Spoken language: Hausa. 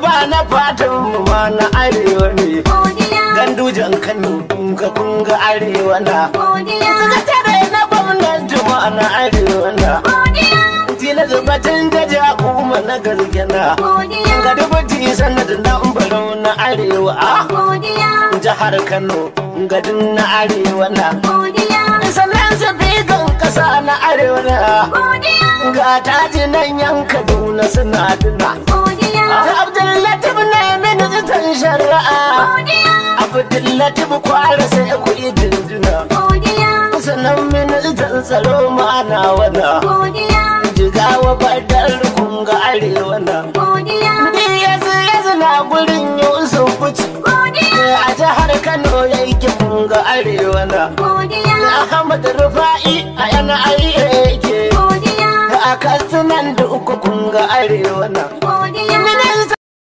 ba na fatan mu ma na arewa ne gandujan kano in ka kunga arewa na sakatare na gwamnati ma na arewa na tila zubatin da ja kuma na gargana ga dubuti sanadin na umbarau na arewa jihar kano gadin na arewa na sannan su bigan kasa na arewa na ga taji nan yanka duna suna duna fara'a Abdullahi bukwara sai kuɗi jinjina Sanan ministan tsaro ma'ana wana Jigawa fadar kun ga arewa na Yazu yazu na gurin Yusuf Buci eh, A jihar Kano ya yake kun ga arewa na Ahmad Rufa'i a yana aiki A kasunan da uku kun ga arewa na